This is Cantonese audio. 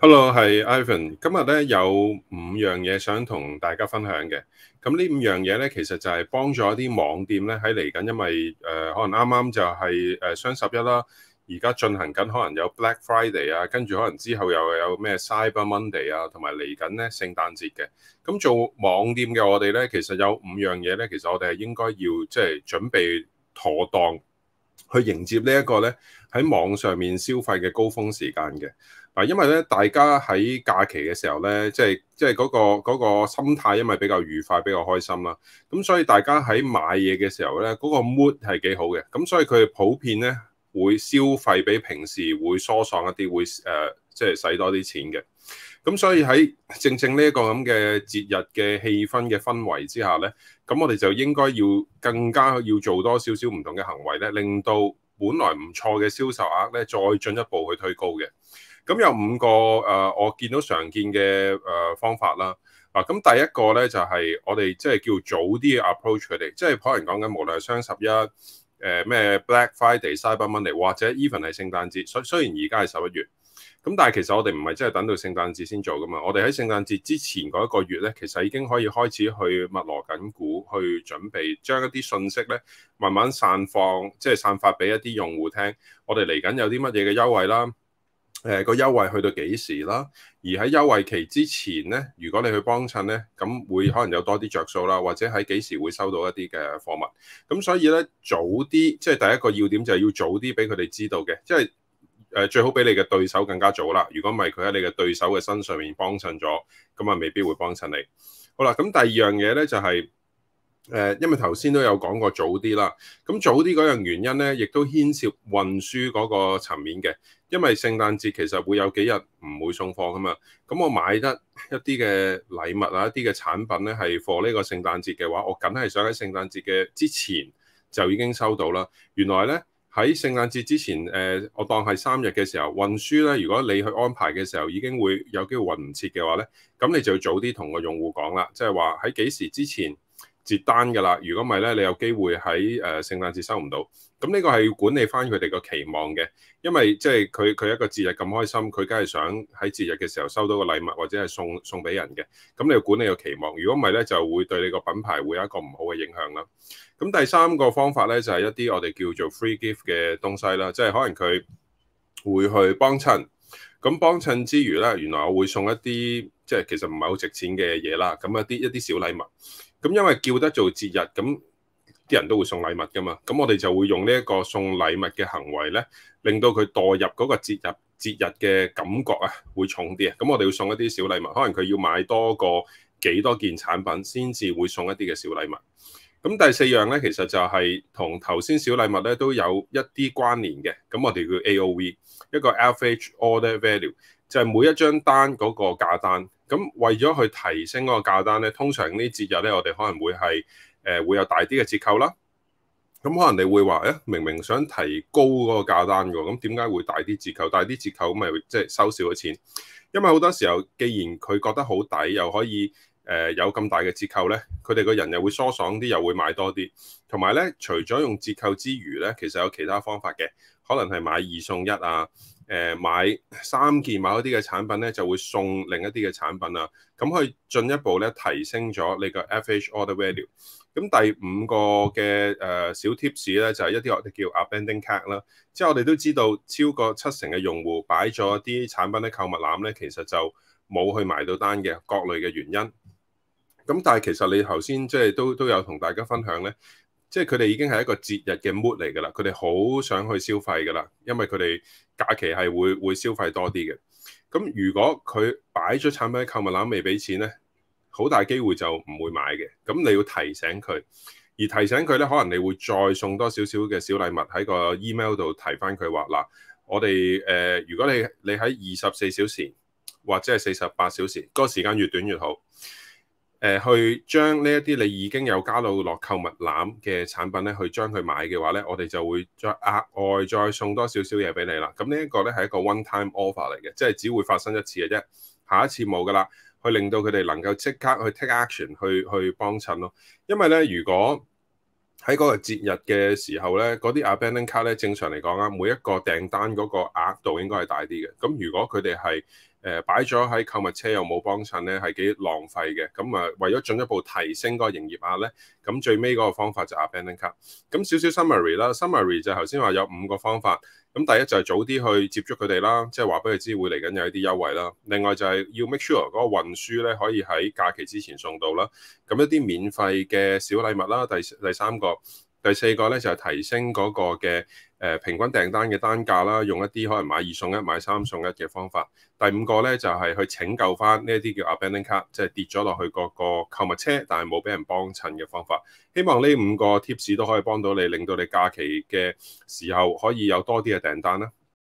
Hello，係 Ivan。今日咧有五樣嘢想同大家分享嘅。咁呢五樣嘢咧，其實就係幫助一啲網店咧喺嚟緊，因為誒、呃、可能啱啱就係誒雙十一啦，而家進行緊可能有 Black Friday 啊，跟住可能之後又有咩 Cyber Monday 啊，同埋嚟緊咧聖誕節嘅。咁做網店嘅我哋咧，其實有五樣嘢咧，其實我哋係應該要即係、就是、準備妥當去迎接呢一個咧喺網上面消費嘅高峰時間嘅。啊，因為咧，大家喺假期嘅時候咧，即係即係嗰個心態，因為比較愉快，比較開心啦。咁所以大家喺買嘢嘅時候咧，嗰個 mood 係幾好嘅。咁所以佢普遍咧會消費比平時會疏爽一啲，會誒即係使多啲錢嘅。咁所以喺正正呢一個咁嘅節日嘅氣氛嘅氛圍之下咧，咁我哋就應該要更加要做多少少唔同嘅行為咧，令到本來唔錯嘅銷售額咧再進一步去推高嘅。咁、嗯、有五個誒、呃，我見到常見嘅誒方法啦。嗱、呃、咁、嗯、第一個咧就係、是、我哋即係叫早啲去 approach 佢哋，即係可能講緊無論係雙十一、呃、誒咩 Black Friday、Cyber Monday，或者 even 係聖誕節。雖雖然而家係十一月，咁、嗯、但係其實我哋唔係真係等到聖誕節先做㗎嘛。我哋喺聖誕節之前嗰一個月咧，其實已經可以開始去密鑼緊鼓，去準備將一啲信息咧慢慢散放，即係散發俾一啲用戶聽。我哋嚟緊有啲乜嘢嘅優惠啦～誒、呃、個優惠去到幾時啦？而喺優惠期之前咧，如果你去幫襯咧，咁會可能有多啲着數啦，或者喺幾時會收到一啲嘅貨物。咁、嗯、所以咧，早啲即係第一個要點就係要早啲俾佢哋知道嘅，即係誒、呃、最好俾你嘅對手更加早啦。如果唔係佢喺你嘅對手嘅身上面幫襯咗，咁啊未必會幫襯你。好啦，咁、嗯、第二樣嘢咧就係、是。誒，因為頭先都有講過早啲啦。咁早啲嗰樣原因呢，亦都牽涉運輸嗰個層面嘅。因為聖誕節其實會有幾日唔會送貨噶嘛。咁我買得一啲嘅禮物啊，一啲嘅產品呢，係 for 呢個聖誕節嘅話，我梗係想喺聖誕節嘅之前就已經收到啦。原來呢，喺聖誕節之前，誒，我當係三日嘅時候運輸呢。如果你去安排嘅時候已經會有機會運唔切嘅話呢，咁你就要早啲同個用戶講啦，即係話喺幾時之前。接單㗎啦，如果唔係咧，你有機會喺誒、呃、聖誕節收唔到。咁呢個係要管理返佢哋個期望嘅，因為即係佢佢一個節日咁開心，佢梗係想喺節日嘅時候收到個禮物或者係送送俾人嘅。咁你要管理個期望，如果唔係咧，就會對你個品牌會有一個唔好嘅影響啦。咁第三個方法咧就係、是、一啲我哋叫做 free gift 嘅東西啦，即、就、係、是、可能佢會去幫襯。咁幫襯之餘咧，原來我會送一啲。即係其實唔係好值錢嘅嘢啦，咁一啲一啲小禮物，咁因為叫得做節日，咁啲人都會送禮物㗎嘛，咁我哋就會用呢一個送禮物嘅行為咧，令到佢墮入嗰個節日節日嘅感覺啊，會重啲啊，咁我哋要送一啲小禮物，可能佢要買多個幾多件產品先至會送一啲嘅小禮物。咁第四樣咧，其實就係同頭先小禮物咧都有一啲關聯嘅，咁我哋叫 AOV，一個 Average Order Value，就係每一張單嗰個價單。咁為咗去提升嗰個價單咧，通常節呢啲節日咧，我哋可能會係誒、呃、會有大啲嘅折扣啦。咁、嗯、可能你會話誒、呃，明明想提高嗰個價單喎，咁點解會大啲折扣？大啲折扣咁咪即係收少咗錢？因為好多時候，既然佢覺得好抵，又可以誒、呃、有咁大嘅折扣咧，佢哋個人又會疏爽啲，又會買多啲。同埋咧，除咗用折扣之餘咧，其實有其他方法嘅，可能係買二送一啊。誒買三件某一啲嘅產品咧，就會送另一啲嘅產品啦。咁去進一步咧提升咗你個 FH order value。咁第五個嘅誒、呃、小 tips 咧，就係、是、一啲我哋叫 abandoned cart 啦。即係我哋都知道，超過七成嘅用戶擺咗啲產品喺購物籃咧，其實就冇去埋到單嘅各類嘅原因。咁但係其實你頭先即係都都有同大家分享咧。即係佢哋已經係一個節日嘅 mood 嚟㗎啦，佢哋好想去消費㗎啦，因為佢哋假期係會會消費多啲嘅。咁如果佢擺咗產品喺購物籃未俾錢咧，好大機會就唔會買嘅。咁你要提醒佢，而提醒佢咧，可能你會再送多少少嘅小禮物喺個 email 度提返佢話嗱，我哋誒、呃，如果你你喺二十四小時或者係四十八小時，小時那個時間越短越好。誒、呃、去將呢一啲你已經有加到落購物籃嘅產品咧，去將佢買嘅話咧，我哋就會再額外再送多少少嘢俾你啦。咁呢一個咧係一個 one time offer 嚟嘅，即係只會發生一次嘅啫，下一次冇噶啦。去令到佢哋能夠即刻去 take action，去去幫襯咯。因為咧，如果喺嗰個節日嘅時候咧，嗰啲 abandon card 咧，正常嚟講啊，每一個訂單嗰個額度應該係大啲嘅。咁如果佢哋係，誒擺咗喺購物車又冇幫襯咧，係幾浪費嘅。咁、嗯、啊，為咗進一步提升嗰個營業額咧，咁、嗯、最尾嗰個方法就係 abandoned cart。咁少少 summary 啦，summary 就係頭先話有五個方法。咁、嗯、第一就係早啲去接觸佢哋啦，即係話俾佢知會嚟緊有一啲優惠啦。另外就係要 make sure 嗰個運輸咧可以喺假期之前送到啦。咁一啲免費嘅小禮物啦。第第三個。第四個咧就係、是、提升嗰個嘅誒、呃、平均訂單嘅單價啦，用一啲可能買二送一、買三送一嘅方法。第五個咧就係、是、去拯救返呢一啲叫 abandon card，即係跌咗落去嗰個購物車，但係冇俾人幫襯嘅方法。希望呢五個 tips 都可以幫到你，令到你假期嘅時候可以有多啲嘅訂單啦。